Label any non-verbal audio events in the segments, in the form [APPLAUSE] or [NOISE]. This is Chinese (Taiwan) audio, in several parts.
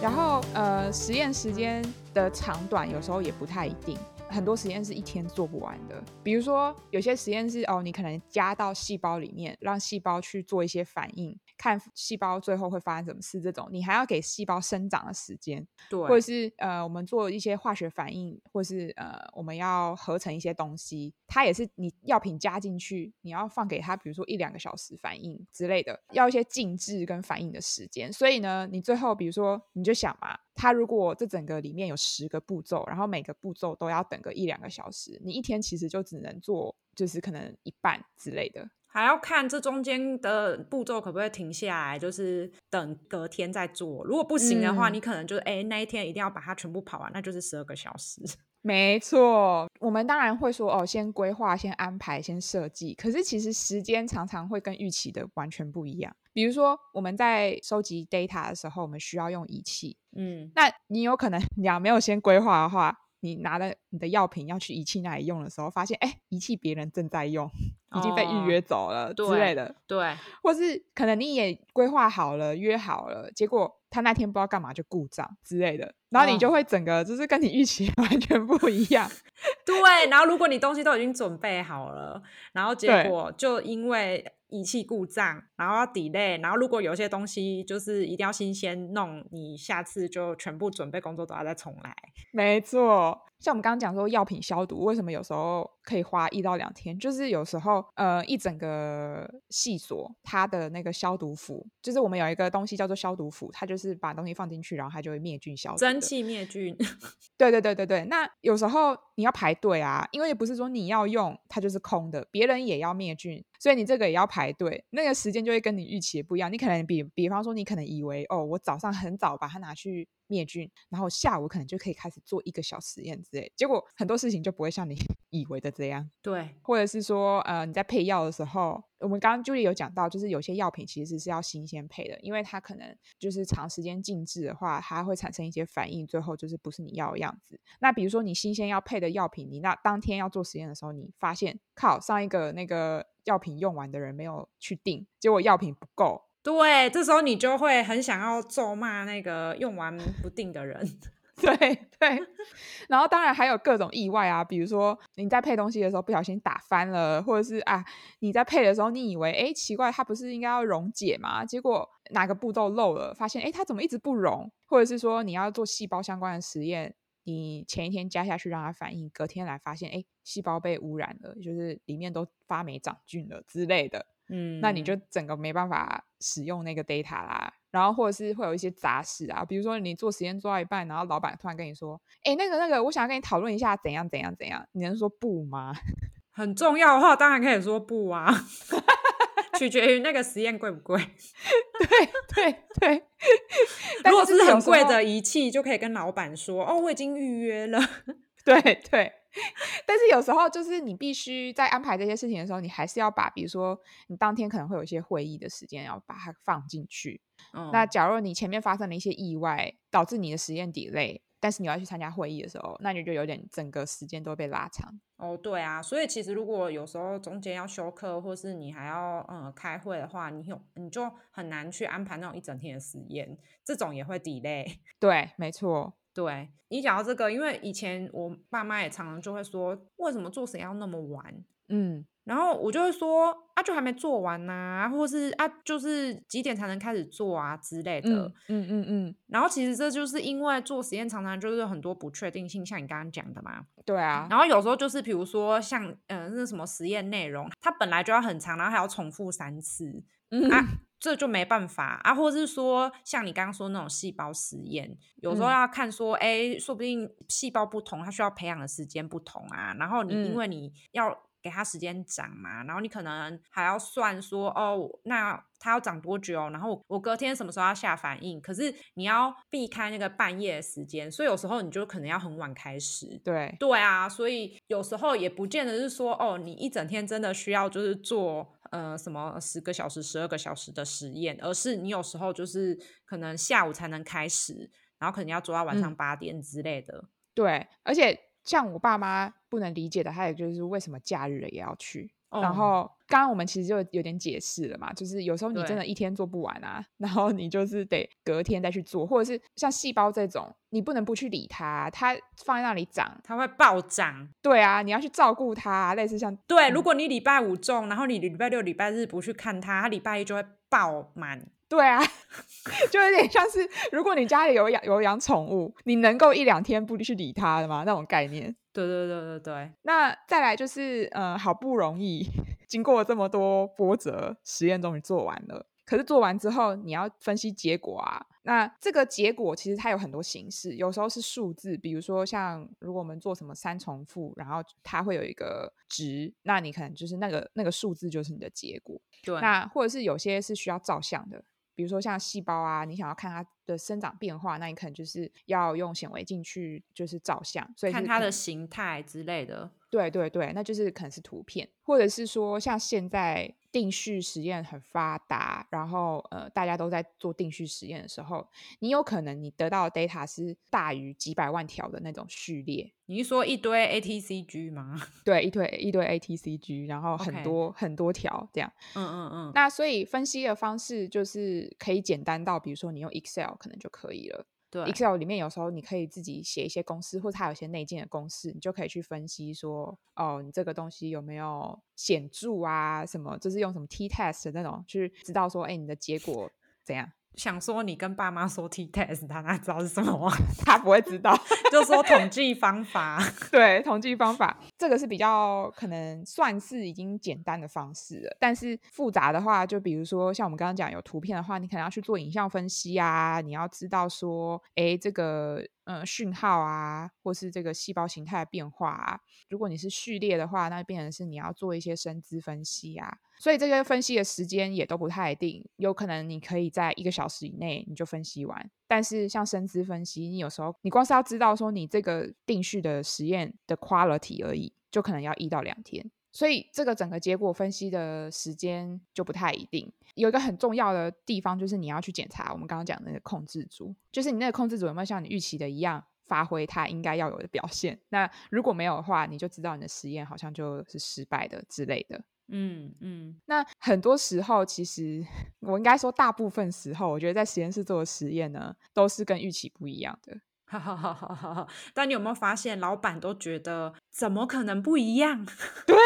然後，呃，實驗時間的長短有時候也不太一定，很多實驗是一天做不完的。比如說，有些實驗是哦，你可能加到細胞裡面，讓細胞去做一些反應。看細胞最後會發生什麼事，這種你還要給細胞生長的時間，對，或者是呃，我們做一些化學反應，或是呃，我們要合成一些東西，它也是你藥品加進去，你要放給它，比如說一兩個小時反應之類的，要一些靜置跟反應的時間。所以呢，你最後比如說你就想嘛，它如果這整個裡面有十個步驟，然後每個步驟都要等個一兩個小時，你一天其實就只能做就是可能一半之類的。還要看這中間的步驟可不可以停下來，就是等隔天再做。如果不行的話，嗯、你可能就是哎、欸、那一天一定要把它全部跑完，那就是十二個小時。沒錯，我們當然會說哦，先規劃、先安排、先設計。可是其實時間常常會跟預期的完全不一樣。比如說我們在收集 data 的時候，我們需要用儀器，嗯，那你有可能你要沒有先規劃的話。你拿了你的藥品要去儀器那裡用的時候，發現哎，儀器別人正在用，已經被預約走了，oh, 之類的，對，對或是可能你也規劃好了，約好了，結果他那天不知道幹嘛就故障之類的，然後你就會整個就是跟你預期完全不一樣，oh. [LAUGHS] 對。然後如果你東西都已經準備好了， [LAUGHS] 然後結果就因為。儀器故障，然後要 delay，然後如果有些東西就是一定要新鮮弄，你下次就全部準備工作都要再重來。沒錯。像我們剛剛講說，藥品消毒為什麼有時候可以花一到兩天？就是有時候，呃，一整個系所它的那個消毒釜，就是我們有一個東西叫做消毒釜，它就是把東西放進去，然後它就會滅菌消毒。蒸汽滅菌。對對對對對。那有時候你要排隊啊，因為不是說你要用它就是空的，別人也要滅菌，所以你這個也要排隊，那個時間就會跟你預期也不一樣。你可能比，比方說，你可能以為哦，我早上很早把它拿去滅菌，然後下午可能就可以開始做一個小實驗。結果很多事情就不會像你以為的這樣。對，或者是說，呃，你在配藥的時候，我們剛剛 Julie 有講到，就是有些藥品其實是要新鮮配的，因為它可能就是長時間靜置的話，它會產生一些反應，最後就是不是你要的樣子。那比如說你新鮮要配的藥品，你那當天要做實驗的時候，你發現靠上一個那個藥品用完的人沒有去訂，結果藥品不夠。對，這時候你就會很想要咒罵那個用完不定的人。 [LAUGHS] 對對，然後當然還有各種意外啊，比如說你在配東西的時候不小心打翻了，或者是啊你在配的時候你以為哎奇怪，它不是應該要溶解嘛？結果哪個步驟漏了，發現哎它怎麼一直不溶？或者是說你要做細胞相關的實驗，你前一天加下去讓它反應，隔天來發現哎細胞被污染了，就是裡面都發霉長菌了之類的，嗯，那你就整個沒辦法使用那個 data 啦。然後或者是會有一些雜事啊，比如說你做實驗做到一半，然後老闆突然跟你說：“哎、欸，那個那個，我想跟你討論一下怎樣怎樣怎樣怎樣。”你能說不嗎？很重要的話，當然可以說不啊。 [LAUGHS] 取決於那個實驗貴不貴。對對對。如果是很貴的儀器，就可以跟老闆說：“ [LAUGHS] 哦，我已經預約了。”對對對。 [LAUGHS] 但是有時候，就是你必須在安排這些事情的時候，你還是要把，比如說你當天可能會有一些會議的時間，要把它放進去。嗯。那假如你前面發生了一些意外，導致你的實驗 delay，但是你要去參加會議的時候，那你就有點整個時間都被拉長。哦，對啊，所以其實如果有時候中間要修課，或是你還要嗯開會的話，你有你就很難去安排那種一整天的實驗，這種也會 delay。對，沒錯。對你講到這個，因為以前我爸媽也常常就會說，為什麼做事要那麼晚？嗯。然後我就會說啊，就還沒做完呢，啊，或是啊，就是幾點才能開始做啊之類的。嗯嗯嗯。嗯嗯嗯，然後其實這就是因為做實驗常常就是很多不確定性，像你剛剛講的嘛。對啊。然後有時候就是比如說像嗯、呃，那什麼實驗內容，它本來就要很長，然後還要重複三次，嗯、啊，這就沒辦法啊。或者是說像你剛剛說那種細胞實驗，有時候要看說，哎、嗯，說不定細胞不同，它需要培養的時間不同啊。然後你因為你要。嗯給他時間長嘛，然後你可能還要算說哦，那他要長多久？然後我隔天什麼時候要下反應？可是你要避開那個半夜的時間，所以有時候你就可能要很晚開始。對對啊，所以有時候也不見得是說哦，你一整天真的需要就是做呃什麼十個小時、十二個小時的實驗，而是你有時候就是可能下午才能開始，然後可能要做到晚上八點之類的。嗯、對，而且。像我爸媽不能理解的，他也就是為什麼假日也要去。嗯、然後剛剛我們其實就有點解釋了嘛，就是有時候你真的一天做不完啊，對然後你就是得隔天再去做，或者是像細胞這種，你不能不去理它，它放在那裡長，它會爆長。對啊，你要去照顧它，類似像對，嗯、如果你禮拜五種，然後你禮拜六、禮拜日不去看它，它禮拜一就會爆滿。對啊，就有點像是，如果你家裡有養有養寵物，你能夠一兩天不去理它的嗎？那種概念。對對對對對。那再來就是，呃，好不容易經過了這麼多波折，實驗終於做完了。可是做完之後，你要分析結果啊。那這個結果其實它有很多形式，有時候是數字，比如說像如果我們做什麼三重複，然後它會有一個值，那你可能就是那個那個數字就是你的結果。對。那或者是有些是需要照相的。比如說像細胞啊，你想要看它的生長變化，那你可能就是要用顯微鏡去就是照相，所以看它的形態之類的。對對對，那就是可能是圖片，或者是說像現在，定序實驗很發達，然後呃，大家都在做定序實驗的時候，你有可能你得到的 data 是大於幾百萬條的那種序列。你是說一堆 ATCG 嗎？對，一堆一堆 ATCG，然後很多 Okay. 很多條這樣。嗯嗯嗯。那所以分析的方式就是可以簡單到，比如說你用 Excel 可能就可以了。對 Excel 裡面有時候你可以自己寫一些公式，或者它有些內建的公式，你就可以去分析說，哦，你這個東西有沒有顯著啊？什麼就是用什麼 T test 的那種去知道說，哎、欸，你的結果怎樣？想說你跟爸媽說 T test，他哪知道是什麼？他不會知道，就說統計方法， [LAUGHS] 對，統計方法。這個是比較可能算是已經簡單的方式了，但是複雜的話，就比如說像我們剛剛講有圖片的話，你可能要去做影像分析啊，你要知道說，哎，這個呃訊號啊，或是這個細胞形態的變化啊。如果你是序列的話，那變成是你要做一些生資分析啊，所以這些分析的時間也都不太一定，有可能你可以在一個小時以內你就分析完，但是像生資分析，你有時候你光是要知道說你這個定序的實驗的 quality 而已，就可能要一到兩天，所以這個整個結果分析的時間就不太一定。有一個很重要的地方就是你要去檢查我們剛剛講的那個控制組，就是你那個控制組有沒有像你預期的一樣發揮它應該要有的表現。那如果沒有的話，你就知道你的實驗好像就是失敗的之類的。嗯嗯，嗯，那很多時候，其實我應該說，大部分時候，我覺得在實驗室做的實驗呢，都是跟預期不一樣的。哈哈哈哈哈！但你有沒有發現，老闆都覺得怎麼可能不一樣？對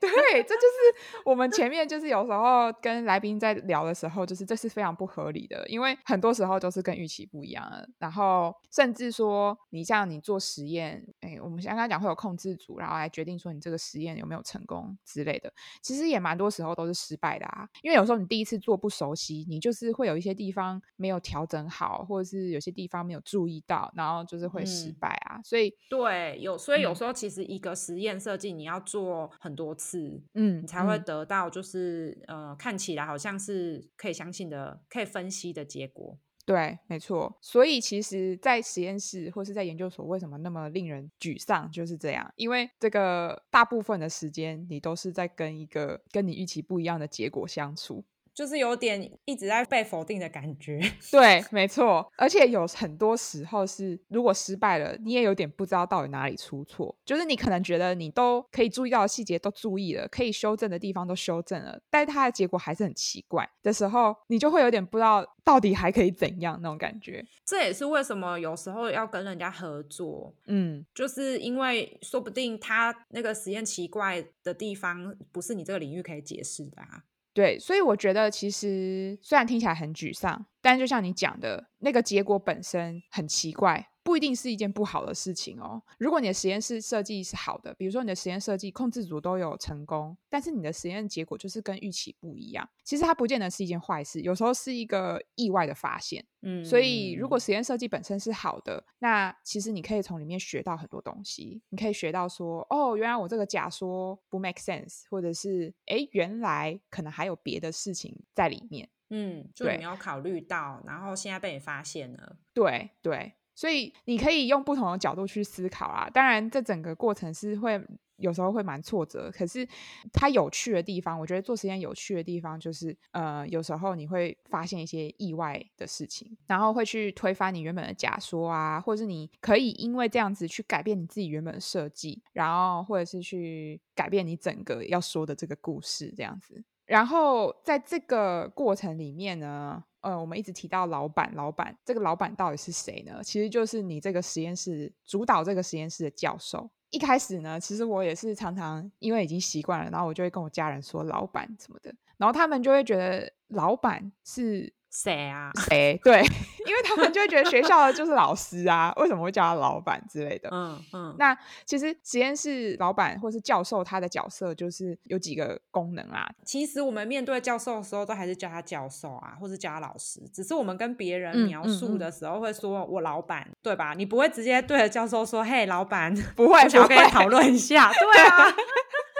對，這就是我們前面就是有時候跟來賓在聊的時候，就是這是非常不合理的，因為很多時候都是跟預期不一樣的。然後甚至說，你像你做實驗，哎，我們剛剛講會有控制組，然後來決定說你這個實驗有沒有成功之類的，其實也蠻多時候都是失敗的啊。因為有時候你第一次做不熟悉，你就是會有一些地方沒有調整好，或者是有些地方沒有注意到。然後就是會失敗啊，嗯、所以對有，所以有時候其實一個實驗設計，你要做很多次，嗯，你才會得到就是、嗯、呃，看起來好像是可以相信的、可以分析的結果。對，沒錯。所以其實，在實驗室或是在研究所，為什麼那麼令人沮喪？就是這樣，因為這個大部分的時間你都是在跟一個跟你預期不一樣的結果相處。就是有點一直在被否定的感覺，對，沒錯，而且有很多時候是，如果失敗了，你也有點不知道到底哪裡出錯。就是你可能覺得你都可以注意到的細節都注意了，可以修正的地方都修正了，但它的結果還是很奇怪的時候，你就會有點不知道到底還可以怎樣那種感覺。這也是為什麼有時候要跟人家合作，嗯，就是因為說不定他那個實驗奇怪的地方不是你這個領域可以解釋的啊。對，所以我覺得其實雖然聽起來很沮喪，但就像你講的，那個結果本身很奇怪。不一定是一件不好的事情哦。如果你的實驗室設計是好的，比如說你的實驗設計控制組都有成功，但是你的實驗結果就是跟預期不一樣，其實它不見得是一件壞事，有時候是一個意外的發現。嗯，所以如果實驗設計本身是好的，那其實你可以從裡面學到很多東西。你可以學到說，哦，原來我這個假說不 make sense，或者是哎，原來可能還有別的事情在裡面。嗯，就你沒有考慮到，對然後現在被你發現了。對對。對。所以你可以用不同的角度去思考啊，當然這整個過程是會有時候會蠻挫折，可是它有趣的地方，我覺得做實驗有趣的地方就是，呃，有時候你會發現一些意外的事情，然後會去推翻你原本的假說啊，或者是你可以因為這樣子去改變你自己原本的設計，然後或者是去改變你整個要說的這個故事這樣子，然後在這個過程裡面呢。呃、嗯，我們一直提到老闆，老闆，這個老闆到底是誰呢？其實就是你這個實驗室主導這個實驗室的教授。一開始呢，其實我也是常常因為已經習慣了，然後我就會跟我家人說“老闆”什麼的，然後他們就會覺得“老闆”是。誰啊？誰？對，因為他們就會覺得學校的就是老師啊， [LAUGHS] 為什麼會叫他老闆之類的？嗯嗯。嗯那其實實驗室老闆或是教授，他的角色就是有幾個功能啊。其實我們面對教授的時候，都還是叫他教授啊，或是叫他老師。只是我們跟別人描述的時候，會說我老闆，嗯嗯嗯、對吧？你不會直接對着教授說：“嘿，老闆。”不會，我想要跟你討論一下。 [LAUGHS] 對啊。對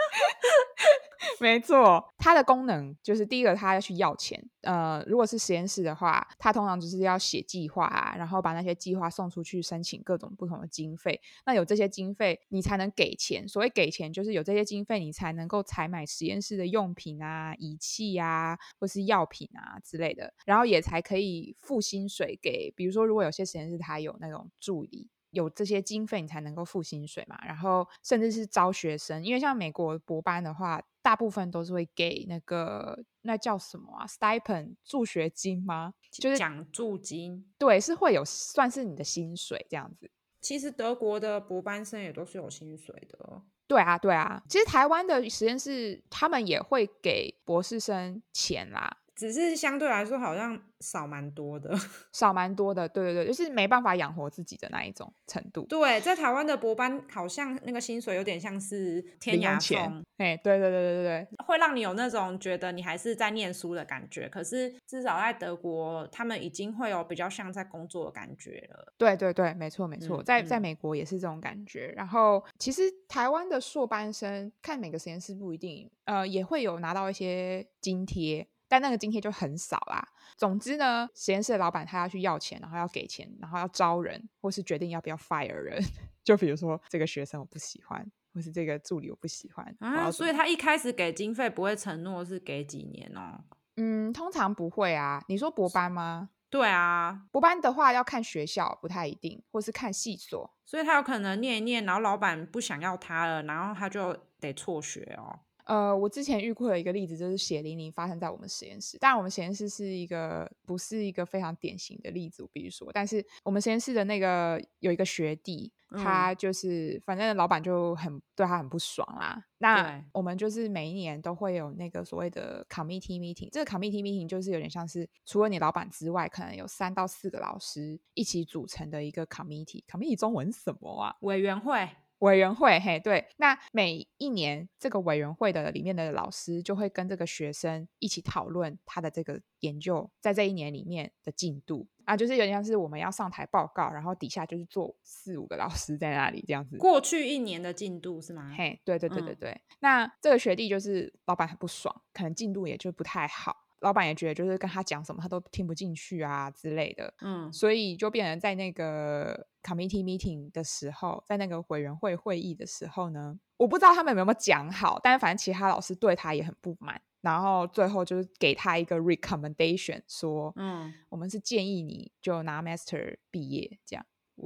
[LAUGHS] 沒錯，它的功能就是第一個，它要去要錢。呃，如果是實驗室的話，它通常就是要寫計劃啊，然後把那些計劃送出去申請各種不同的經費。那有這些經費，你才能給錢。所謂給錢，就是有這些經費，你才能夠採買實驗室的用品啊、儀器啊，或是藥品啊之類的，然後也才可以付薪水給，比如說如果有些實驗室它有那種助理。有這些經費，你才能夠付薪水嘛。然後甚至是招學生，因為像美國博班的話，大部分都是會給那個那叫什麼啊，stipend 助學金嗎？就是獎助金。對，是會有算是你的薪水這樣子。其實德國的博班生也都是有薪水的。對啊，對啊。其實台灣的實驗室他們也會給博士生錢啦。只是相對來說，好像少蠻多的，少蠻多的，對對對，就是沒辦法養活自己的那一種程度。對，在台灣的博班好像那個薪水有點像是天涯錢，哎，對對對對對對，會讓你有那種覺得你還是在念書的感覺。可是至少在德國，他們已經會有比較像在工作的感覺了。對對對，沒錯沒錯，嗯、在在美國也是這種感覺。嗯、然後其實台灣的碩班生，看每個實驗室不一定，呃，也會有拿到一些津貼。但那個津貼就很少啦。總之呢，實驗室的老闆他要去要錢，然後要給錢，然後要招人，或是決定要不要 fire 人。就比如說這個學生我不喜歡，或是這個助理我不喜歡啊。所以他一開始給經費不會承諾是給幾年哦。嗯，通常不會啊。你說博班嗎？對啊，博班的話要看學校不太一定，或是看系所。所以他有可能念一念，然後老闆不想要他了，然後他就得輟學哦。呃，我之前遇過的一個例子就是血淋淋發生在我們實驗室。當然，我們實驗室是一個不是一個非常典型的例子，我必須說。但是我們實驗室的那個有一個學弟，他就是、嗯、反正老闆就很對他很不爽啦、啊。那對我們就是每一年都會有那個所謂的 committee meeting。這個 committee meeting 就是有點像是除了你老闆之外，可能有三到四個老師一起組成的一個 committee。committee 中文什麼啊？委員會。委員會，嘿，對，那每一年這個委員會的裡面的老師就會跟這個學生一起討論他的這個研究在這一年裡面的進度啊，就是有點像是我們要上台報告，然後底下就是坐四五個老師在那裡這樣子。過去一年的進度是嗎？嘿，對對對對對，嗯，那這個學弟就是老板很不爽，可能進度也就不太好，老板也覺得就是跟他講什麼他都聽不進去啊之類的，嗯，所以就變成在那個。committee meeting 的時候，在那個委員會會議的時候呢，我不知道他們有沒有講好，但凡反正其他老師對他也很不滿，然後最後就是給他一個 recommendation，說，嗯，我們是建議你就拿 master 畢業這樣。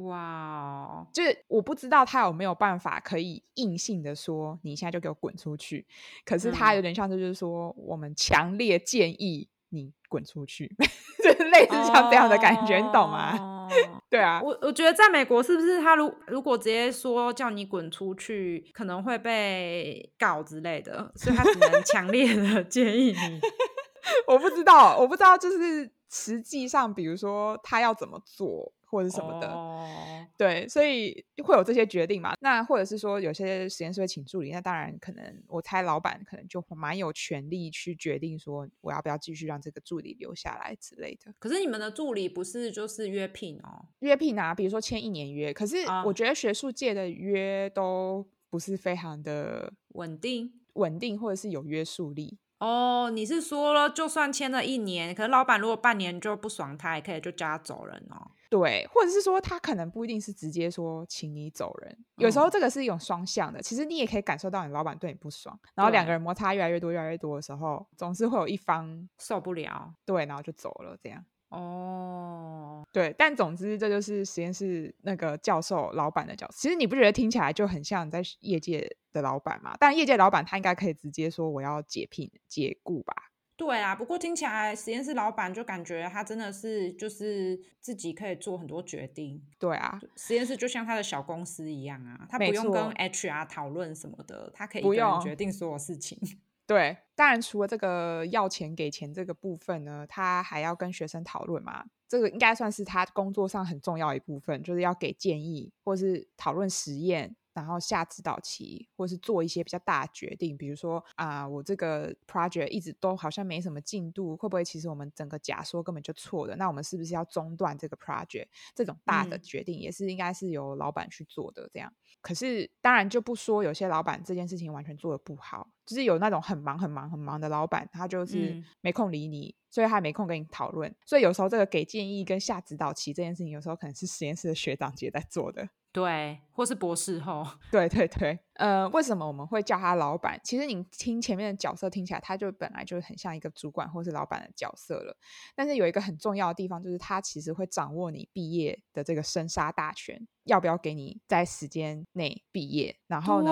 哇，就是我不知道他有沒有辦法可以硬性的說你現在就給我滾出去，可是他有點像是就是說、嗯、我們強烈建議你滾出去， [LAUGHS] 就是類似像這樣的感覺，你、哦、懂嗎？ [LAUGHS] 對啊，我我覺得在美國是不是他如果如果直接說叫你滾出去，可能會被告之類的，所以他只能強烈的建議你。 [LAUGHS] [LAUGHS] 我不知道，我不知道，就是。實際上，比如說他要怎麼做或者什麼的，oh. 對，所以會有這些決定嘛？那或者是說有些實驗室會請助理，那當然可能我猜老闆可能就蠻有權利去決定說我要不要繼續讓這個助理留下來之類的。可是你們的助理不是就是約聘哦？Oh. 約聘啊，比如說簽一年約。可是我覺得學術界的約都不是非常的穩定，穩定或者是有約束力。哦，oh, 你是說了，就算簽了一年，可是老板如果半年就不爽，他也可以就叫他走人哦？對，或者是說他可能不一定是直接說請你走人，有時候這個是一種雙向的。其實你也可以感受到你老板對你不爽，然後兩個人摩擦越來越多、越來越多的時候，總是會有一方受不了，對，然後就走了這樣。哦，oh, 對，但總之這就是實驗室那個教授老闆的角色。其實你不覺得聽起來就很像在業界的老闆嗎？但業界老闆他應該可以直接說我要解聘、解僱吧？對啊，不過聽起來實驗室老闆就感覺他真的是就是自己可以做很多決定。對啊，實驗室就像他的小公司一樣啊，他不用跟 HR 討論什麼的，他可以一個人決定所有事情。對，當然除了這個要錢給錢這個部分呢，他還要跟學生討論嘛。這個應該算是他工作上很重要的一部分，就是要給建議，或是討論實驗，然後下指導棋，或是做一些比較大的決定，比如說啊、呃，我這個 project 一直都好像沒什麼進度，會不會其實我們整個假說根本就錯的？那我們是不是要中斷這個 project？這種大的決定也是應該是由老板去做的。這樣，嗯、可是當然就不說有些老板這件事情完全做得不好。就是有那種很忙很忙很忙的老闆，他就是沒空理你，嗯、所以他也沒空跟你討論。所以有時候這個給建議跟下指導棋這件事情，有時候可能是實驗室的學長姐在做的，對，或是博士後。對對對。呃，為什麼我們會叫他老闆？其實你聽前面的角色聽起來，他就本來就很像一個主管或是老闆的角色了。但是有一個很重要的地方，就是他其實會掌握你畢業的這個生殺大權，要不要給你在時間內畢業？然後呢，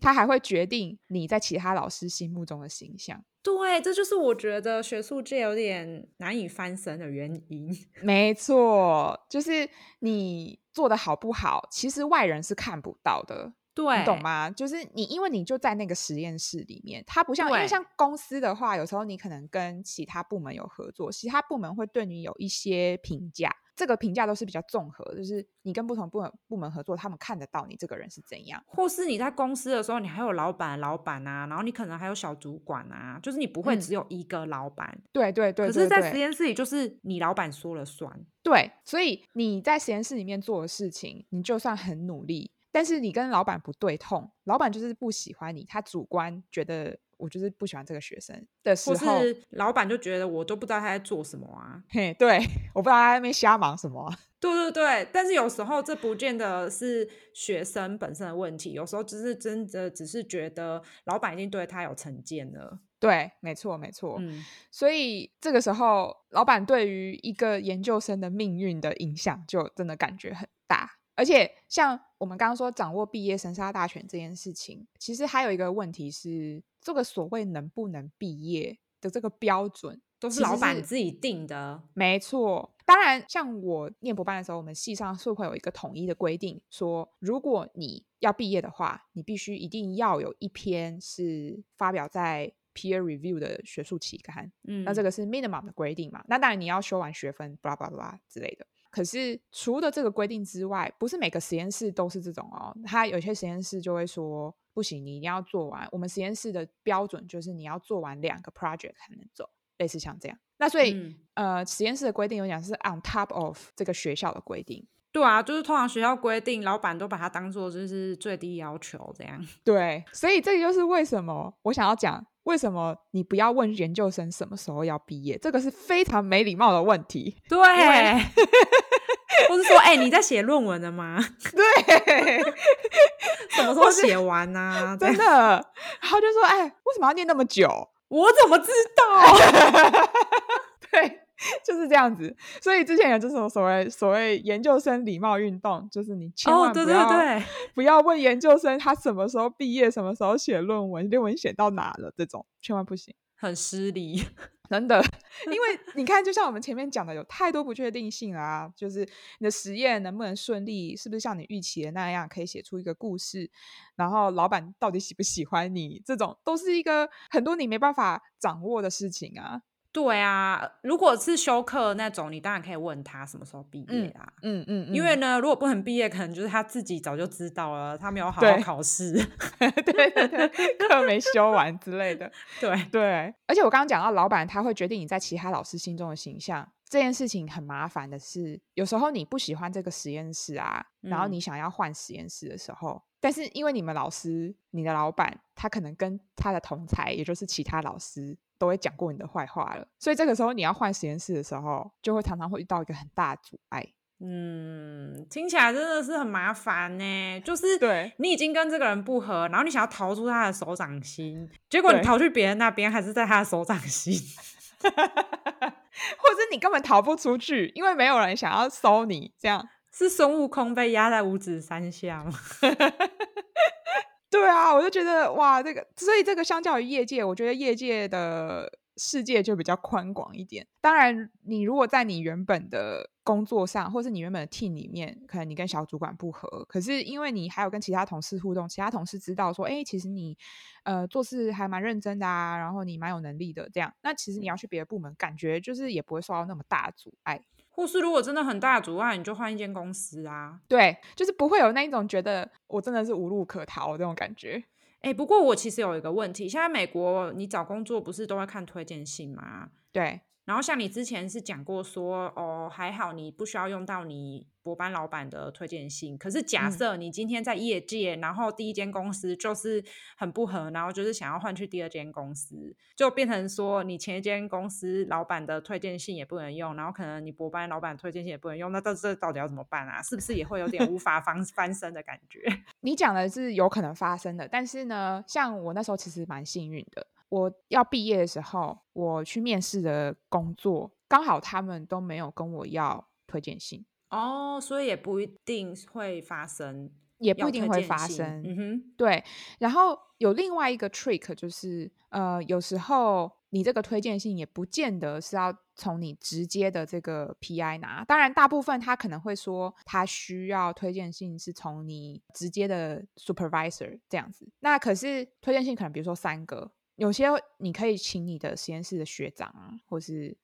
他還會決定你在其他老師心目中的形象。對，這就是我覺得學術界有點難以翻身的原因。沒錯，就是你做得好不好，其實外人是看不到的。對，你懂嗎？就是你，因為你就在那個實驗室裡面，他不像對因為像公司的話，有時候你可能跟其他部門有合作，其他部門會對你有一些評價。這個評價都是比較綜合，就是你跟不同部門部門合作，他們看得到你這個人是怎樣，或是你在公司的時候，你還有老闆、老闆吶、啊，然後你可能還有小主管啊，就是你不會只有一個老闆。嗯、對，對，對，對對對。可是，在實驗室裡，就是你老闆說了算。對，所以你在實驗室裡面做的事情，你就算很努力，但是你跟老闆不對痛，老闆就是不喜歡你，他主觀覺得。我就是不喜歡這個學生的，或是老闆就覺得我都不知道他在做什麼啊？嘿，對，我不知道他在那邊瞎忙什麼。 [LAUGHS] 對對對，但是有時候這不見得是學生本身的問題，有時候只是真的只是覺得老闆已經對他有成見了。對，沒錯沒錯。嗯，所以這個時候，老闆對於一個研究生的命運的影響，就真的感覺很大。而且，像我們剛剛說掌握畢業生殺大權這件事情，其實還有一個問題是，這個所謂能不能畢業的這個標準，都是老板是自己定的。沒錯，當然，像我念博班的時候，我們系上是會有一個統一的規定，說如果你要畢業的話，你必須一定要有一篇是發表在 peer review 的學術期刊，嗯，那這個是 minimum 的規定嘛，那當然你要修完學分，blah blah blah 之類的。可是除了這個規定之外，不是每個實驗室都是這種哦。他有些實驗室就會說，不行，你一定要做完。我們實驗室的標準就是你要做完兩個 project 才能走，類似像這樣。那所以，嗯、呃，實驗室的規定有點是 on top of 這個學校的規定。對啊，就是通常學校規定，老闆都把它當做就是最低要求這樣。對，所以這就是為什麼我想要講，為什麼你不要問研究生什麼時候要畢業？這個是非常沒禮貌的問題。對。因為 [LAUGHS] 不是說，哎、欸，你在寫論文的嗎？對，什 [LAUGHS] 麼時候寫完啊？真的，對然後就說，哎、欸，為什麼要念那麼久？我怎麼知道？ [LAUGHS] 對，就是這樣子。所以之前有這種所謂所謂研究生禮貌運動，就是你千萬不要，喔，對對對，不要問研究生他什麼時候畢業，什麼時候寫論文，論文寫到哪了，這種千萬不行，很失禮。真的，因為你看，就像我們前面講的，有太多不確定性啊。就是你的實驗能不能順利，是不是像你預期的那樣可以寫出一個故事，然後老闆到底喜不喜歡你，這種都是一個很多你沒辦法掌握的事情啊。對啊，如果是修課那種，你當然可以問他什麼時候畢業啊。嗯嗯嗯，嗯嗯嗯，因為呢，如果不肯畢業，可能就是他自己早就知道了，他沒有好好考試，對， [LAUGHS] 對對對，課沒修完之類的。對 [LAUGHS] 對，對而且我剛剛講到，老闆他會決定你在其他老師心中的形象。這件事情很麻煩的是，有時候你不喜歡這個實驗室啊，然後你想要換實驗室的時候。嗯但是，因為你們老師、你的老闆，他可能跟他的同儕，也就是其他老師，都會講過你的壞話了。所以這個時候，你要換實驗室的時候，就會常常會遇到一個很大的阻礙。嗯，聽起來真的是很麻煩呢、欸。就是，對，你已經跟這個人不合，然後你想要逃出他的手掌心，結果你逃去別人那邊，還是在他的手掌心，對 [LAUGHS] 或者是你根本逃不出去，因為沒有人想要收你這樣。是孫悟空被壓在五指山下嗎？ [LAUGHS] 對啊，我就覺得哇，這個，所以這個相較於業界，我覺得業界的世界就比較寬廣一點。當然，你如果在你原本的工作上，或是你原本的 team 裡面，可能你跟小主管不合，可是因為你還有跟其他同事互動，其他同事知道說，哎、欸，其實你呃做事還蠻認真的啊，然後你蠻有能力的這樣。那其實你要去別的部門，感覺就是也不會受到那麼大的阻礙。或是如果真的很大阻礙，你就換一間公司啊。對，就是不會有那一種覺得我真的是無路可逃那種感覺。哎、欸，不過我其實有一個問題，現在美國你找工作不是都會看推薦信嗎？對。然後像你之前是講過說，哦，還好你不需要用到你博班老闆的推薦信，可是假設你今天在業界，嗯、然後第一間公司就是很不合，然後就是想要換去第二間公司，就變成說你前一間公司老闆的推薦信也不能用，然後可能你博班老闆推薦信也不能用，那到這到底要怎麼辦啊？是不是也會有點無法翻翻身的感覺？ [LAUGHS] 你講的是有可能發生的，但是呢，像我那時候其實蠻幸運的。我要畢業的時候，我去面試的工作剛好他們都沒有跟我要推薦信哦，所以也不一定會發生，也不一定會發生。嗯哼，對。然後有另外一個 trick 就是，呃，有時候你這個推薦信也不見得是要從你直接的這個 PI 拿，當然大部分他可能會說他需要推薦信是從你直接的 supervisor 這樣子。那可是推薦信可能比如說三個。有些你可以請你的實驗室的學長啊，或是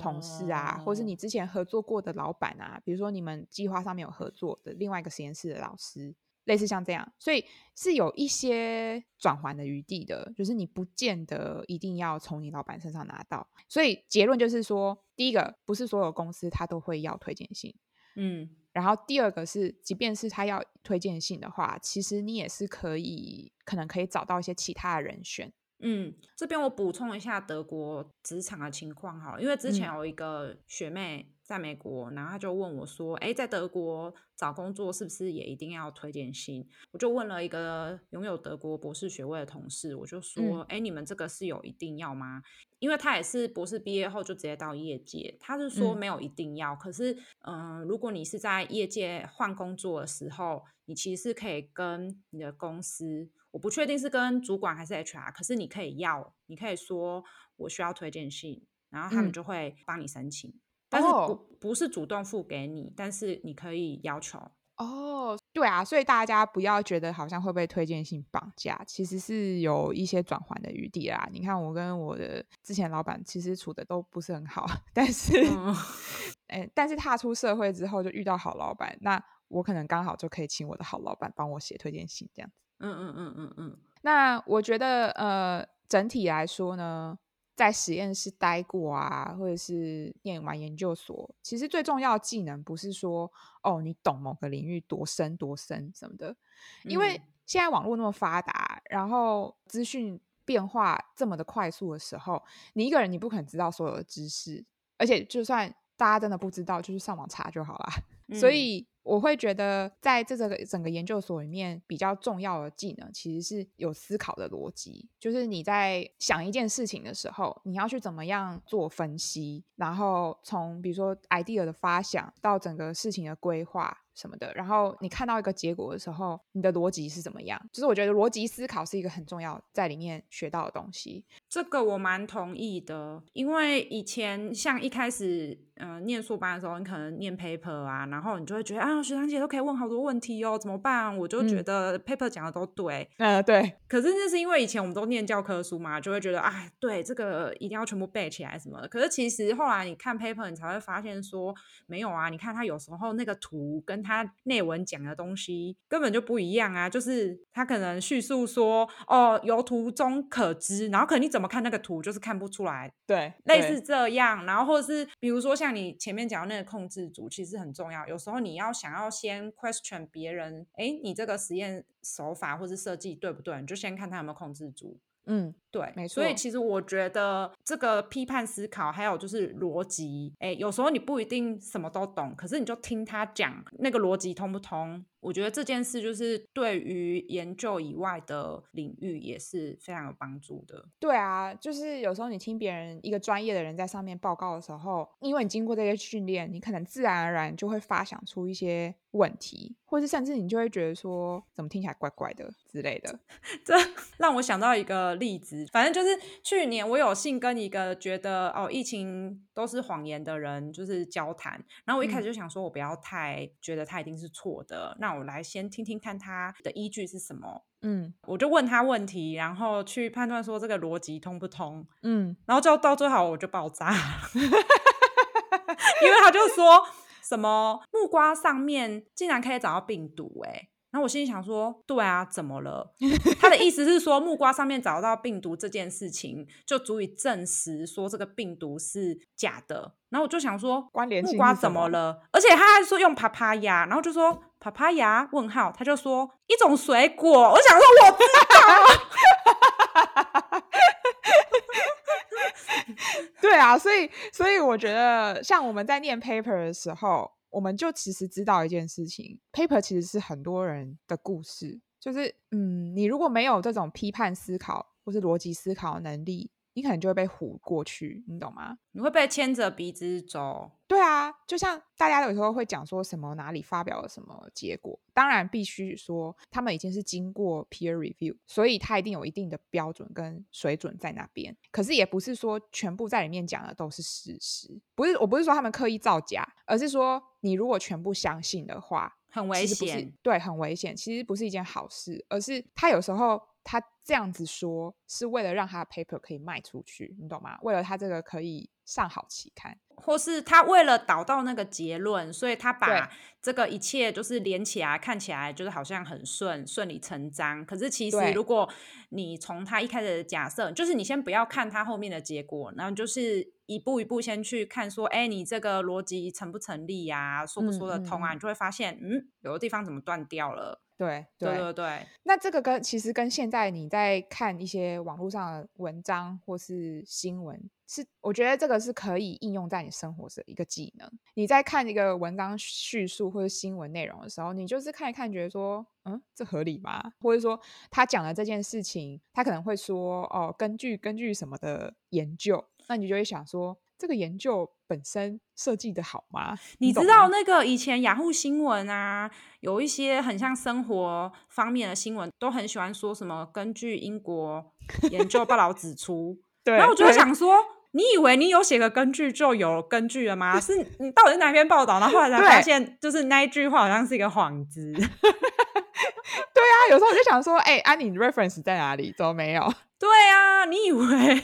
同事啊，嗯、或是你之前合作過的老闆啊，比如說你們計劃上面有合作的另外一個實驗室的老師，類似像這樣，所以是有一些轉圜的餘地的，就是你不見得一定要從你老闆身上拿到。所以結論就是說，第一個不是所有公司他都會要推薦信，嗯，然後第二個是，即便是他要推薦信的話，其實你也是可以，可能可以找到一些其他的人選。嗯，這邊我補充一下德國職場的情況哈，因為之前有一個學妹。嗯。在美國，然後他就問我說：“哎、欸，在德國找工作是不是也一定要推薦信？”我就問了一個擁有德國博士學位的同事，我就說：“哎、嗯欸，你們這個是有一定要嗎？”因為他也是博士畢業後就直接到業界，他是說沒有一定要。嗯、可是，嗯、呃，如果你是在業界換工作的時候，你其實是可以跟你的公司，我不確定是跟主管還是 HR，可是你可以要，你可以說我需要推薦信，然後他們就會幫你申請。嗯但是不、哦、不是主動付給你，但是你可以要求哦。對啊，所以大家不要覺得好像會被推薦信綁架，其實是有一些轉圜的餘地啦。你看，我跟我的之前老闆其實處得都不是很好，但是，嗯、哎，但是踏出社會之後就遇到好老闆，那我可能剛好就可以請我的好老闆幫我寫推薦信這樣子。嗯嗯嗯嗯嗯。嗯嗯嗯，那我覺得呃，整體來說呢。在實驗室待過啊，或者是念完研究所，其實最重要的技能不是說哦，你懂某個領域多深多深什麼的，因為現在網絡那麼發達，然後資訊變化這麼的快速的時候，你一個人你不可能知道所有的知識，而且就算大家真的不知道，就是上網查就好啦，嗯、所以。我會覺得，在這個整個研究所裡面，比較重要的技能其實是有思考的邏輯。就是你在想一件事情的時候，你要去怎麼樣做分析，然後從比如說 idea 的發想到整個事情的規劃。什麼的，然後你看到一個結果的時候，你的邏輯是怎麼樣？就是我覺得邏輯思考是一個很重要、在裡面學到的東西。這個我蠻同意的，因為以前像一開始，嗯、呃，念碩班的時候，你可能念 paper 啊，然後你就會覺得，啊，學長姐都可以問好多問題哦，怎麼辦？我就覺得 paper 講的都對，嗯、呃，對。可是那是因為以前我們都念教科書嘛，就會覺得，哎，對這個一定要全部背起來什麼的。可是其實後來你看 paper，你才會發現說，沒有啊，你看他有時候那個圖跟。他內文講的東西根本就不一樣啊，就是他可能敘述說，哦，由圖中可知，然後可能你怎麼看那個圖就是看不出來，對，對類似這樣，然後或者是比如說像你前面講的那個控制組其實很重要，有時候你要想要先 question 別人，哎、欸，你這個實驗手法或是設計對不對，你就先看他有沒有控制組，嗯。對，沒錯。所以其實我覺得這個批判思考，還有就是邏輯，哎，有時候你不一定什麼都懂，可是你就聽他講那個邏輯通不通？我覺得這件事就是對於研究以外的領域也是非常有幫助的。對啊，就是有時候你聽別人一個專業的人在上面報告的時候，因為你經過這些訓練，你可能自然而然就會發想出一些問題，或者是甚至你就會覺得說怎麼聽起來怪怪的之類的。這，這讓我想到一個例子。反正就是去年，我有幸跟一個覺得哦疫情都是謊言的人就是交談，然後我一開始就想說，我不要太覺得他一定是錯的，嗯、那我來先聽聽看他的依據是什麼，嗯，我就問他問題，然後去判斷說這個邏輯通不通，嗯，然後就到最後我就爆炸， [LAUGHS] [LAUGHS] 因為他就說什麼木瓜上面竟然可以找到病毒，欸，哎。然後我心裡想說，對啊，怎麼了？他的意思是說木瓜上面找到病毒這件事情，就足以證實說這個病毒是假的。然後我就想說，關聯性，木瓜怎麼了？而且他還說用 papaya，然後就說 papaya？問號？他就說一種水果。我想說我知道。 [LAUGHS] [LAUGHS] 對啊，所以所以我覺得，像我們在念 paper 的時候。我們就其實知道一件事情，paper 其實是很多人的故事，就是嗯，你如果沒有這種批判思考或是邏輯思考能力，你可能就會被唬過去，你懂嗎？你會被牽着鼻子走。對啊，就像大家有時候會講說什麼哪裡發表了什麼結果，當然必須說他們已經是經過 peer review，所以它一定有一定的標準跟水準在那邊。可是也不是說全部在裡面講的都是事實，不是，我不是說他們刻意造假，而是說你如果全部相信的話，很危險其實不是。對，很危險，其實不是一件好事，而是他有時候他。這樣子說是為了讓他的 paper 可以賣出去，你懂嗎？為了他這個可以上好期刊，或是他為了導到那個結論，所以他把這個一切就是連起來，對看起來就是好像很順，順理成章。可是其實，如果你從他一開始的假設，對就是你先不要看他後面的結果，然後就是一步一步先去看，說，哎、欸，你這個邏輯成不成立呀、啊？說不說得通啊？嗯嗯，你就會發現，嗯，有的地方怎麼斷掉了？對對，對對對，那這個跟其實跟現在你在看一些網絡上的文章或是新聞，是我覺得這個是可以應用在你生活的一個技能。你在看一個文章敘述或是新聞內容的時候，你就是看一看，覺得說，嗯，這合理嗎？或者說他講的這件事情，他可能會說，哦，根據根據什麼的研究，那你就會想說。這個研究本身設計的好嗎？你懂嗎？你知道那個以前雅虎、ah、新聞啊，有一些很像生活方面的新聞，都很喜歡說什麼“根據英國研究報道指出”， [LAUGHS] 對然後我就想說，對你以為你有寫個“根據”就有根據了嗎？是你到底是哪篇報道呢？然後，後來才發現，就是那一句話好像是一個幌子。對 [LAUGHS] 對啊，有時候我就想說，哎、欸，啊你 reference 在哪裡都沒有。對啊，你以為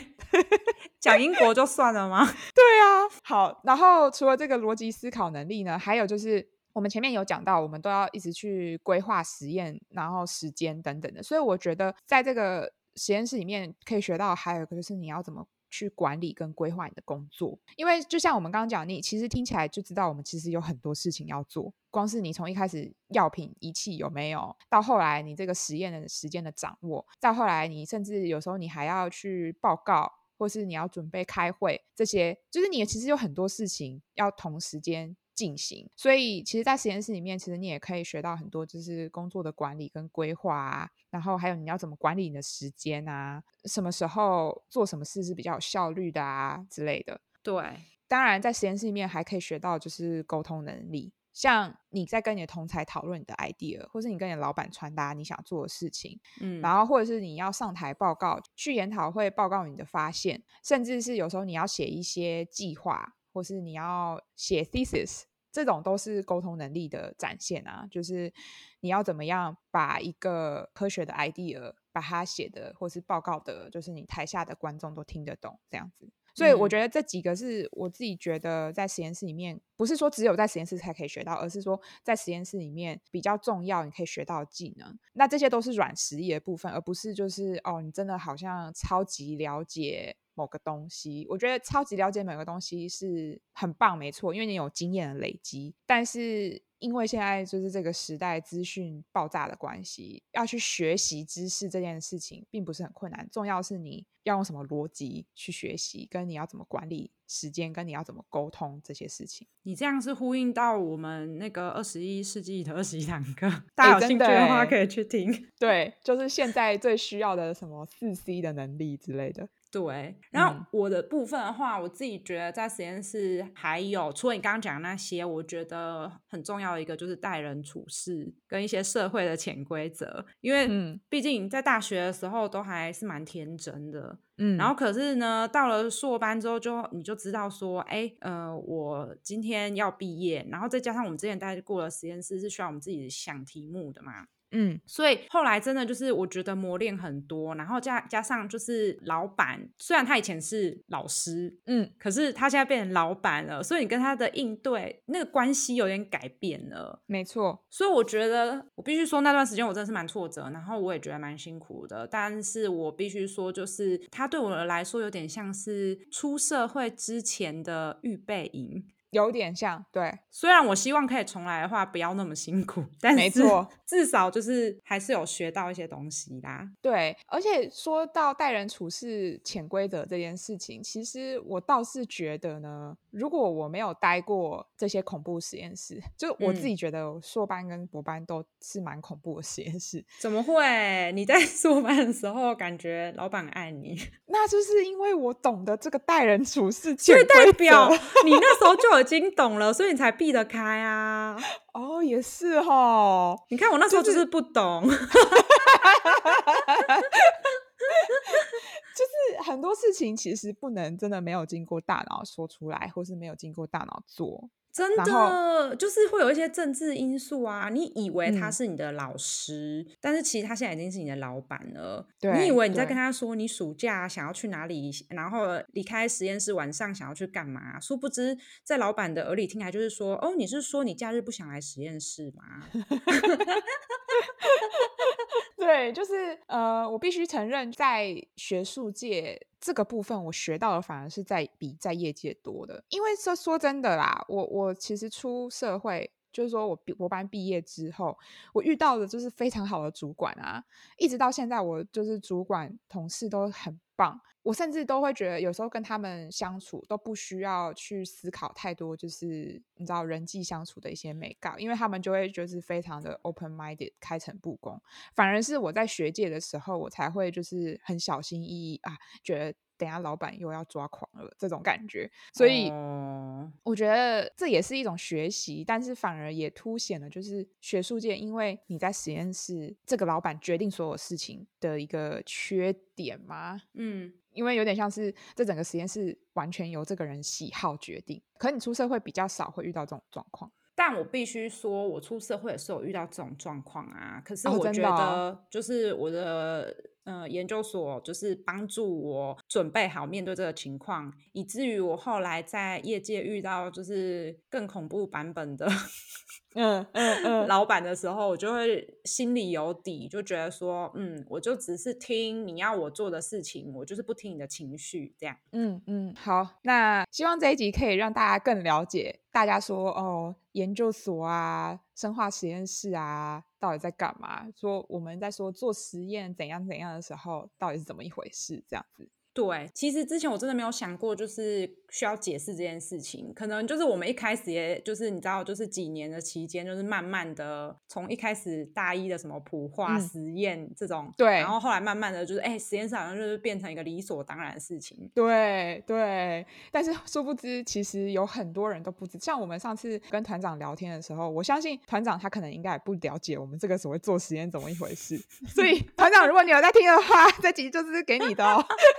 講英國就算了嗎？ [LAUGHS] 對啊，好，然後除了這個邏輯思考能力呢，還有就是我們前面有講到，我們都要一直去規劃實驗，然後時間等等的。所以我覺得在這個實驗室裡面可以學到還有個就是你要怎麼。去管理跟規劃你的工作，因為就像我們剛剛講你，你其實聽起來就知道，我們其實有很多事情要做。光是你從一開始藥品儀器有沒有，到後來你這個實驗的時間的掌握，到後來你甚至有時候你還要去報告，或是你要準備開會，這些就是你其實有很多事情要同時間進行，所以其實，在實驗室裡面，其實你也可以學到很多，就是工作的管理跟規劃啊，然後還有你要怎麼管理你的時間啊，什麼時候做什麼事是比較有效率的啊之類的。對，當然，在實驗室裡面還可以學到就是溝通能力，像你在跟你的同儕討論你的 idea，或是你跟你的老闆傳達你想做的事情，嗯，然後或者是你要上台報告去研討會報告你的發現，甚至是有時候你要寫一些計劃。或是你要寫 thesis，這種都是溝通能力的展現啊，就是你要怎麼樣把一個科學的 idea 把它寫的，或是報告的，就是你台下的觀眾都聽得懂這樣子。所以我覺得這幾個是我自己覺得在實驗室裡面，不是說只有在實驗室才可以學到，而是說在實驗室裡面比較重要，你可以學到技能。那這些都是軟實力的部分，而不是就是哦，你真的好像超級了解。某個東西，我覺得超級了解每個東西是很棒，沒錯，因為你有經驗的累積。但是因為現在就是這個時代資訊爆炸的關係，要去學習知識這件事情並不是很困難。重要是你要用什麼邏輯去學習，跟你要怎麼管理時間，跟你要怎麼溝通這些事情。你這樣是呼應到我們那個二十一世紀的二十一堂課，大家有興趣的話可以去聽。對，就是現在最需要的什麼四 C 的能力之類的。對，然後我的部分的話，嗯、我自己覺得在實驗室還有除了你剛剛講的那些，我覺得很重要的一個就是待人處事跟一些社會的潛規則，因為畢竟在大學的時候都還是蠻天真的，嗯，然後可是呢，到了碩班之後就你就知道說，哎，呃，我今天要畢業，然後再加上我們之前待過的實驗室是需要我們自己想題目的嘛。嗯，所以後來真的就是我覺得磨練很多，然後加加上就是老闆，雖然他以前是老師，嗯，可是他現在變成老闆了，所以你跟他的應對那個關係有點改變了，沒錯。所以我覺得我必須說，那段時間我真的是蠻挫折，然後我也覺得蠻辛苦的，但是我必須說，就是他對我來說有點像是出社會之前的預備營。有點像，對。雖然我希望可以重來的話，不要那麼辛苦，但是沒錯，至少就是還是有學到一些東西啦。對，而且說到待人處事潛規則這件事情，其實我倒是覺得呢。如果我沒有待過這些恐怖實驗室，就我自己覺得碩班跟博班都是蠻恐怖的實驗室。嗯。怎麼會？你在碩班的時候感覺老闆愛你，那就是因為我懂得這個待人處事，就代表你那時候就已經懂了， [LAUGHS] 所以你才避得開啊。哦，也是哦。你看我那時候就是不懂。就是 [LAUGHS] [LAUGHS] 就是很多事情其實不能真的沒有經過大腦說出來，或是沒有經過大腦做。真的，然後就是會有一些政治因素啊。你以為他是你的老師，嗯、但是其實他現在已經是你的老板了。對，你以為你在跟他說你暑假想要去哪裡，對然後離開實驗室晚上想要去幹嘛，殊不知在老板的耳裡聽起來就是說：“哦，你是說你假日不想來實驗室嗎？” [LAUGHS] [LAUGHS] 對，就是呃，我必須承認，在學術界這個部分，我學到的反而是在比在業界多的。因為說說真的啦，我我其實出社會，就是說我博班畢業之後，我遇到的就是非常好的主管啊，一直到現在，我就是主管同事都很。棒，我甚至都會覺得有時候跟他們相處都不需要去思考太多，就是你知道人際相處的一些美感，因為他們就會就是非常的 open minded 開誠布公，反而是我在學界的時候，我才會就是很小心翼翼啊，覺得。等一下，老闆又要抓狂了，這種感覺。所以，嗯，我覺得這也是一種學習，但是反而也凸顯了就是學術界，因為你在實驗室，這個老闆決定所有事情的一個缺點嗎？嗯，因為有點像是這整個實驗室完全由這個人喜好決定。可你出社會比較少會遇到這種狀況，但我必須說，我出社會的時候遇到這種狀況啊。可是我覺得，就是我的。呃，研究所就是幫助我準備好面對這個情況，以至於我後來在業界遇到就是更恐怖版本的 [LAUGHS] 嗯，嗯嗯嗯，老闆的時候，我就會心裡有底，就覺得說，嗯，我就只是聽你要我做的事情，我就是不聽你的情緒，這樣。嗯嗯，好，那希望這一集可以讓大家更了解，大家說哦，研究所啊，生化實驗室啊。到底在幹嘛？說我們在說做實驗怎樣怎樣的時候，到底是怎麼一回事？這樣子。對，其實之前我真的沒有想過，就是需要解釋這件事情。可能就是我們一開始，也就是你知道，就是幾年的期間，就是慢慢的從一開始大一的什麼普化實驗這種，嗯、對，然後後來慢慢的，就是哎，實驗室好像就是變成一個理所當然的事情。對對，但是殊不知，其實有很多人都不知，像我們上次跟團長聊天的時候，我相信團長他可能應該也不了解我們這個所謂做實驗怎麼一回事。 [LAUGHS] 所以團長，如果你有在聽的話， [LAUGHS] 這其實就是給你的哦。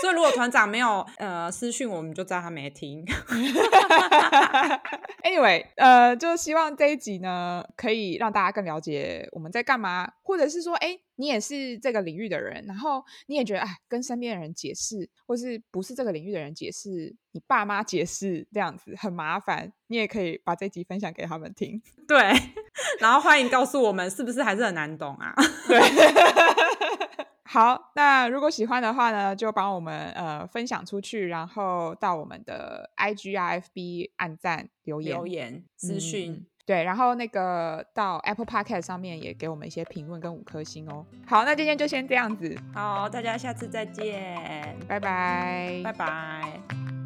所以如果團長沒有呃私訊我們，就知道他沒聽。 [LAUGHS] Anyway，呃，就希望這一集呢可以讓大家更了解我們在幹嘛，或者是說，哎、欸，你也是這個領域的人，然後你也覺得哎，跟身邊的人解釋，或是不是這個領域的人解釋，你爸媽解釋這樣子很麻煩，你也可以把這一集分享給他們聽。對，然後歡迎告訴我們，是不是還是很難懂啊？ [LAUGHS] 對。好，那如果喜歡的話呢，就幫我們呃分享出去，然後到我們的 IG 或 FB 按讚、留言、留言、資訊、嗯，對，然後那個到 Apple Podcast 上面也給我們一些評論跟五顆星哦。好，那今天就先這樣子，好，大家下次再見，拜拜、嗯，拜拜。